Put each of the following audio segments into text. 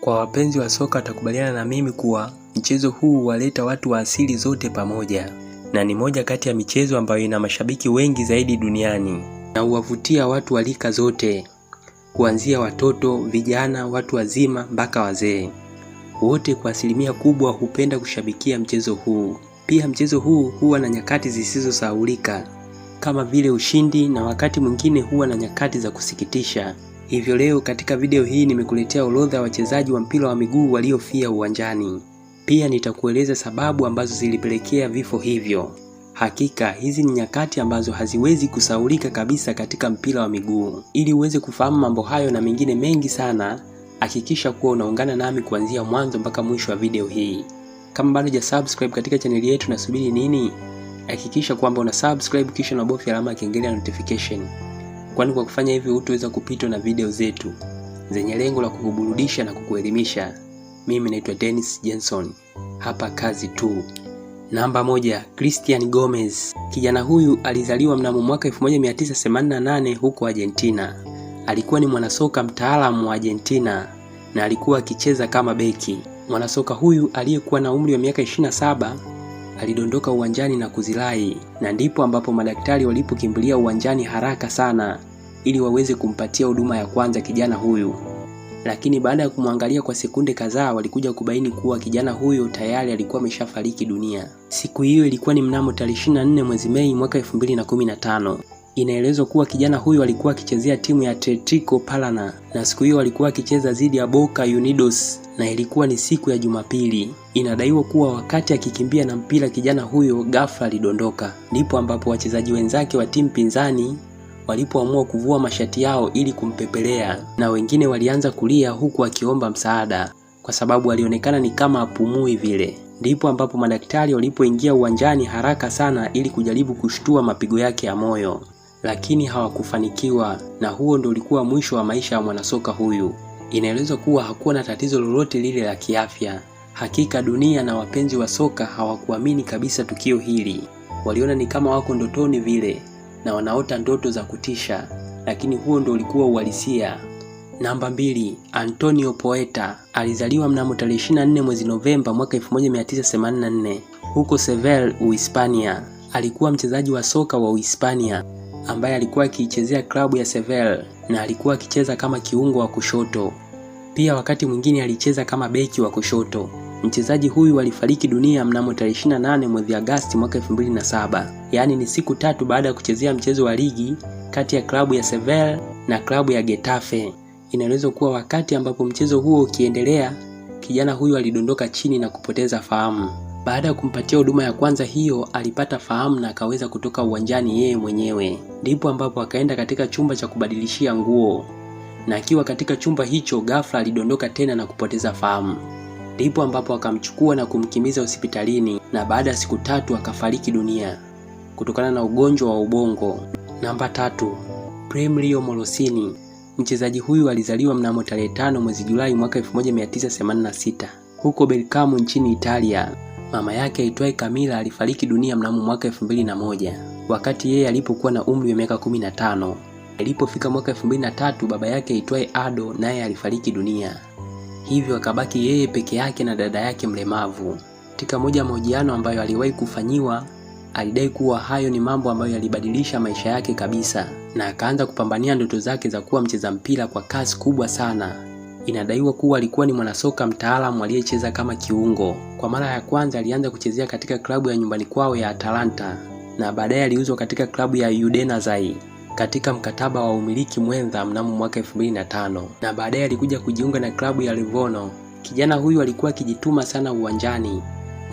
Kwa wapenzi wa soka watakubaliana na mimi kuwa mchezo huu huwaleta watu wa asili zote pamoja na ni moja kati ya michezo ambayo ina mashabiki wengi zaidi duniani na huwavutia watu wa rika zote kuanzia watoto, vijana, watu wazima mpaka wazee. Wote kwa asilimia kubwa hupenda kushabikia mchezo huu. Pia mchezo huu huwa na nyakati zisizosahaulika kama vile ushindi na wakati mwingine huwa na nyakati za kusikitisha. Hivyo leo katika video hii nimekuletea orodha ya wachezaji wa mpira wa miguu waliofia uwanjani. Pia nitakueleza sababu ambazo zilipelekea vifo hivyo. Hakika hizi ni nyakati ambazo haziwezi kusaulika kabisa katika mpira wa miguu. Ili uweze kufahamu mambo hayo na mengine mengi sana, hakikisha kuwa unaungana nami kuanzia mwanzo mpaka mwisho wa video hii. Kama bado subscribe katika chaneli yetu, nasubiri nini? Hakikisha kwamba una subscribe kisha unabofya alama ya kengele ya notification kwani kwa kufanya hivyo hutaweza kupitwa na video zetu zenye lengo la kukuburudisha na kukuelimisha. Mimi naitwa Dennis Jenson, hapa kazi tu. Namba moja, Christian Gomez. Kijana huyu alizaliwa mnamo mwaka 1988 huko Argentina. Alikuwa ni mwanasoka mtaalamu wa Argentina na alikuwa akicheza kama beki. Mwanasoka huyu aliyekuwa na umri wa miaka 27 alidondoka uwanjani na kuzirai, na ndipo ambapo madaktari walipokimbilia uwanjani haraka sana ili waweze kumpatia huduma ya kwanza kijana huyu. Lakini baada ya kumwangalia kwa sekunde kadhaa, walikuja kubaini kuwa kijana huyo tayari alikuwa ameshafariki dunia. Siku hiyo ilikuwa ni mnamo tarehe 24 mwezi Mei mwaka 2015. Inaelezwa kuwa kijana huyu alikuwa akichezea timu ya Atletico Parana na siku hiyo alikuwa akicheza dhidi ya Boca Unidos na ilikuwa ni siku ya Jumapili. Inadaiwa kuwa wakati akikimbia na mpira kijana huyo ghafla alidondoka, ndipo ambapo wachezaji wenzake wa timu pinzani walipoamua kuvua mashati yao ili kumpepelea, na wengine walianza kulia huku akiomba msaada kwa sababu alionekana ni kama apumui vile. Ndipo ambapo madaktari walipoingia uwanjani haraka sana ili kujaribu kushtua mapigo yake ya moyo lakini hawakufanikiwa na huo ndio ulikuwa mwisho wa maisha ya mwanasoka huyu. Inaelezwa kuwa hakuwa na tatizo lolote lile la kiafya. Hakika dunia na wapenzi wa soka hawakuamini kabisa tukio hili. Waliona ni kama wako ndotoni vile na wanaota ndoto za kutisha, lakini huo ndio ulikuwa uhalisia. Namba mbili, Antonio Poeta alizaliwa mnamo tarehe 24 mwezi Novemba mwaka 1984 huko Seville, Uhispania. Alikuwa mchezaji wa soka wa Uhispania ambaye alikuwa akiichezea klabu ya Sevilla na alikuwa akicheza kama kiungo wa kushoto. Pia wakati mwingine alicheza kama beki wa kushoto. Mchezaji huyu alifariki dunia mnamo tarehe 28 mwezi Agosti mwaka 2007, yaani ni siku tatu baada ya kuchezea mchezo wa ligi kati ya klabu ya Sevilla na klabu ya Getafe. Inaelezwa kuwa wakati ambapo mchezo huo ukiendelea, kijana huyu alidondoka chini na kupoteza fahamu. Baada ya kumpatia huduma ya kwanza hiyo, alipata fahamu na akaweza kutoka uwanjani yeye mwenyewe. Ndipo ambapo akaenda katika chumba cha kubadilishia nguo, na akiwa katika chumba hicho, ghafla alidondoka tena na kupoteza fahamu. Ndipo ambapo akamchukua na kumkimbiza hospitalini, na baada ya siku tatu akafariki dunia kutokana na ugonjwa wa ubongo. Namba tatu, Premlio Morosini. Mchezaji huyu alizaliwa mnamo tarehe 5 mwezi Julai mwaka 1986 huko Bergamo nchini Italia. Mama yake aitwaye kamila alifariki dunia mnamo mwaka elfu mbili na moja wakati yeye alipokuwa na umri wa miaka kumi na tano. Alipofika mwaka elfu mbili na tatu baba yake aitwaye Ado naye alifariki dunia, hivyo akabaki yeye peke yake na dada yake mlemavu. Katika moja ya mahojiano ambayo aliwahi kufanyiwa, alidai kuwa hayo ni mambo ambayo yalibadilisha maisha yake kabisa, na akaanza kupambania ndoto zake za kuwa mcheza mpira kwa kasi kubwa sana. Inadaiwa kuwa alikuwa ni mwanasoka mtaalamu aliyecheza kama kiungo. Kwa mara ya kwanza alianza kuchezea katika klabu ya nyumbani kwao ya Atalanta na baadaye aliuzwa katika klabu ya Udenazai katika mkataba wa umiliki mwenza mnamo mwaka 2005 na baadaye alikuja kujiunga na klabu ya Livorno. Kijana huyu alikuwa akijituma sana uwanjani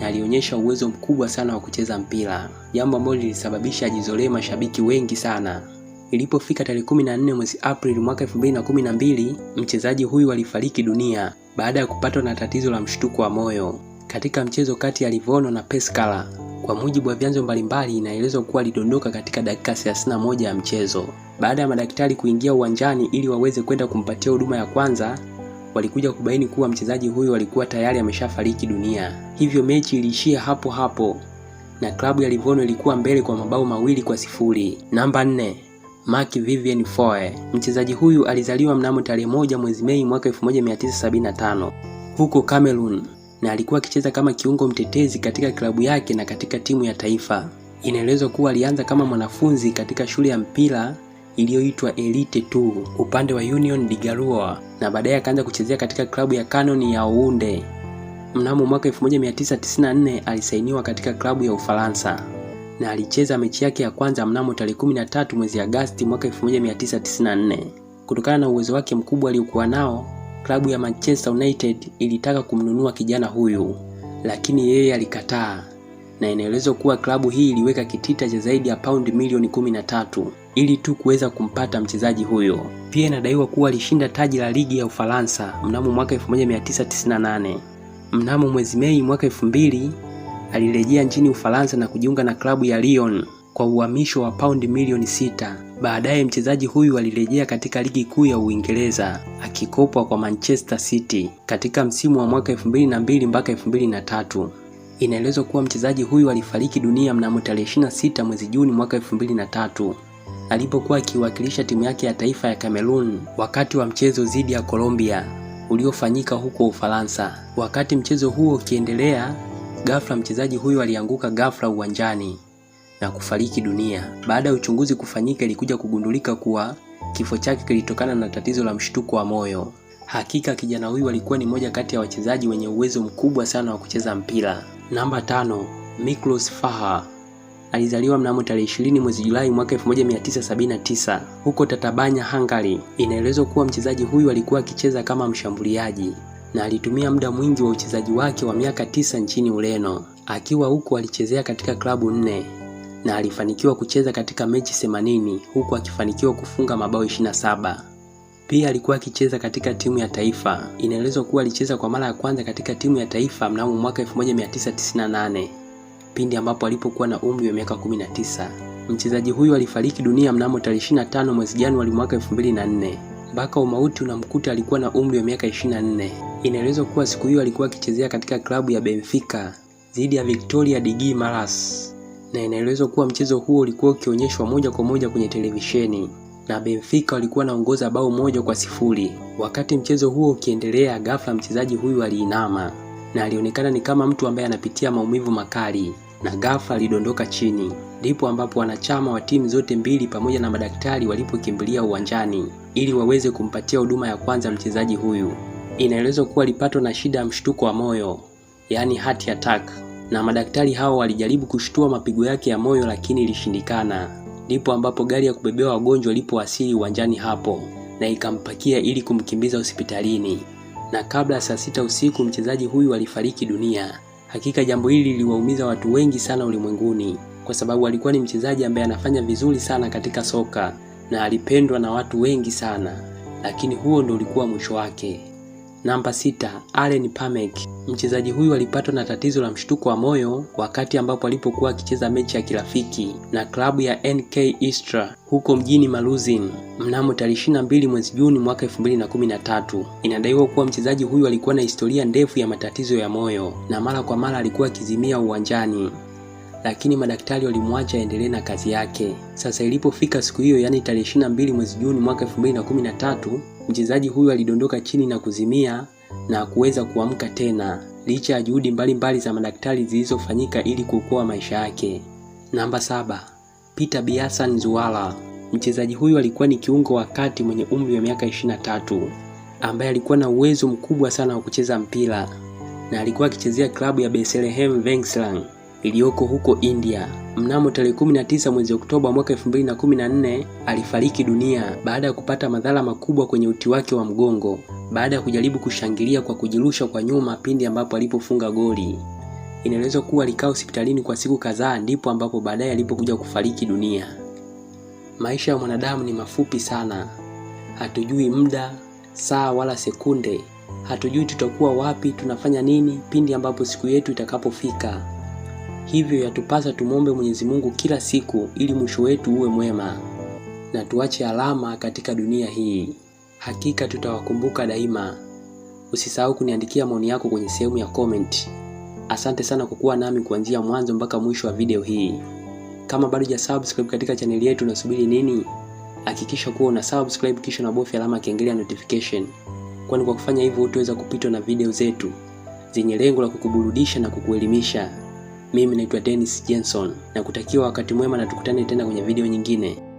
na alionyesha uwezo mkubwa sana wa kucheza mpira, jambo ambalo lilisababisha ajizolee mashabiki wengi sana. Ilipofika tarehe 14 mwezi Aprili mwaka 2012, mchezaji huyu alifariki dunia baada ya kupatwa na tatizo la mshtuko wa moyo katika mchezo kati ya Livorno na Pescara. Kwa mujibu wa vyanzo mbalimbali, inaelezwa kuwa alidondoka katika dakika 31 ya mchezo. Baada ya madaktari kuingia uwanjani ili waweze kwenda kumpatia huduma ya kwanza, walikuja kubaini kuwa mchezaji huyu alikuwa tayari ameshafariki dunia, hivyo mechi iliishia hapo hapo na klabu ya Livorno ilikuwa mbele kwa mabao mawili kwa sifuri. Namba nne. Mark Vivian Foe. Mchezaji huyu alizaliwa mnamo tarehe moja mwezi Mei mwaka 1975 huko Cameroon na alikuwa akicheza kama kiungo mtetezi katika klabu yake na katika timu ya taifa. Inaelezwa kuwa alianza kama mwanafunzi katika shule ya mpira iliyoitwa Elite 2 upande wa Union de Garoua na baadaye akaanza kuchezea katika klabu ya Canon ya ounde Mnamo mwaka 1994 alisainiwa katika klabu ya Ufaransa na alicheza mechi yake ya kwanza mnamo tarehe 13 mwezi Agasti mwaka 1994. Kutokana na uwezo wake mkubwa aliokuwa nao, klabu ya Manchester United ilitaka kumnunua kijana huyu, lakini yeye alikataa na inaelezwa kuwa klabu hii iliweka kitita cha zaidi ya paundi milioni 13 ili tu kuweza kumpata mchezaji huyo. Pia inadaiwa kuwa alishinda taji la ligi ya Ufaransa mnamo mwaka 1998. Mnamo mwezi Mei mwaka alirejea nchini Ufaransa na kujiunga na klabu ya Lyon kwa uhamisho wa paundi milioni sita. Baadaye mchezaji huyu alirejea katika ligi kuu ya Uingereza akikopwa kwa Manchester City katika msimu wa mwaka 2002 mpaka 2003. Inaelezwa kuwa mchezaji huyu alifariki dunia mnamo tarehe 26 mwezi Juni mwaka 2003 alipokuwa akiwakilisha timu yake ya taifa ya Cameroon wakati wa mchezo dhidi ya Colombia uliofanyika huko Ufaransa. Wakati mchezo huo ukiendelea, Ghafla mchezaji huyu alianguka ghafla uwanjani na kufariki dunia. Baada ya uchunguzi kufanyika, ilikuja kugundulika kuwa kifo chake kilitokana na tatizo la mshtuko wa moyo. Hakika kijana huyu alikuwa ni moja kati ya wachezaji wenye uwezo mkubwa sana wa kucheza mpira. Namba tano, Miklos Faha alizaliwa mnamo tarehe 20 mwezi Julai mwaka 1979 huko Tatabanya, Hungary. Inaelezwa kuwa mchezaji huyu alikuwa akicheza kama mshambuliaji na alitumia muda mwingi wa uchezaji wake wa miaka tisa nchini Ureno. Akiwa huko alichezea katika klabu nne na alifanikiwa kucheza katika mechi 80 huku akifanikiwa kufunga mabao 27. Pia alikuwa akicheza katika timu ya taifa. Inaelezwa kuwa alicheza kwa mara ya kwanza katika timu ya taifa mnamo mwaka 1998 pindi ambapo alipokuwa na umri wa miaka 19. Mchezaji huyu alifariki dunia mnamo tarehe 25 mwezi Januari mwaka 2004. Baka Umauti unamkuta alikuwa na umri wa miaka 24. Inaelezwa kuwa siku hiyo alikuwa akichezea katika klabu ya Benfica dhidi ya Victoria Digi Maras, na inaelezwa kuwa mchezo huo ulikuwa ukionyeshwa moja kwa moja kwenye televisheni na Benfica walikuwa naongoza bao moja kwa sifuri. Wakati mchezo huo ukiendelea, ghafla mchezaji huyu aliinama na alionekana ni kama mtu ambaye anapitia maumivu makali na ghafla lidondoka chini. Ndipo ambapo wanachama wa timu zote mbili pamoja na madaktari walipokimbilia uwanjani ili waweze kumpatia huduma ya kwanza mchezaji huyu. Inaelezwa kuwa alipatwa na shida ya mshtuko wa moyo, yaani heart attack, na madaktari hao walijaribu kushtua mapigo yake ya moyo, lakini ilishindikana. Ndipo ambapo gari ya kubebea wagonjwa ilipowasili uwanjani hapo na ikampakia ili kumkimbiza hospitalini, na kabla ya saa sita usiku mchezaji huyu alifariki dunia. Hakika jambo hili liliwaumiza watu wengi sana ulimwenguni, kwa sababu alikuwa ni mchezaji ambaye anafanya vizuri sana katika soka na alipendwa na watu wengi sana, lakini huo ndio ulikuwa mwisho wake. Namba sita, Allen Pamek. Mchezaji huyu alipatwa na tatizo la mshtuko wa moyo wakati ambapo alipokuwa akicheza mechi ya kirafiki na klabu ya NK Istra huko mjini Maluzin mnamo tarehe 22 mwezi Juni mwaka 2013. Inadaiwa kuwa mchezaji huyu alikuwa na historia ndefu ya matatizo ya moyo na mara kwa mara alikuwa akizimia uwanjani lakini madaktari walimwacha aendelee na kazi yake. Sasa ilipofika siku hiyo, yaani tarehe 22 mwezi Juni mwaka 2013, mchezaji huyu alidondoka chini na kuzimia na kuweza kuamka tena licha ya juhudi mbalimbali za madaktari zilizofanyika ili kuokoa maisha yake. Namba saba, Peter Biasan Nzuala. Mchezaji huyu alikuwa ni kiungo wa kati mwenye umri wa miaka 23 ambaye alikuwa na uwezo mkubwa sana wa kucheza mpira na alikuwa akichezea klabu ya Bethlehem Vengslang iliyoko huko India. Mnamo tarehe 19 mwezi Oktoba mwaka 2014 alifariki dunia baada ya kupata madhara makubwa kwenye uti wake wa mgongo baada ya kujaribu kushangilia kwa kujirusha kwa nyuma pindi ambapo alipofunga goli. Inaelezwa kuwa alikaa hospitalini kwa siku kadhaa, ndipo ambapo baadaye alipokuja kufariki dunia. Maisha ya mwanadamu ni mafupi sana, hatujui muda, saa wala sekunde. Hatujui tutakuwa wapi, tunafanya nini pindi ambapo siku yetu itakapofika. Hivyo yatupasa tumwombe Mwenyezi Mungu kila siku ili mwisho wetu uwe mwema na tuache alama katika dunia hii. Hakika tutawakumbuka daima. Usisahau kuniandikia maoni yako kwenye sehemu ya comment. Asante sana kwa kuwa nami kuanzia mwanzo mpaka mwisho wa video hii. Kama bado subscribe katika chaneli yetu, unasubiri nini? Hakikisha kuwa una subscribe kisha unabofya alama kengele ya notification, kwani kwa kufanya hivyo utaweza kupitwa na video zetu zenye lengo la kukuburudisha na kukuelimisha. Mimi naitwa Dennis Jenson na kutakiwa wakati mwema na tukutane tena kwenye video nyingine.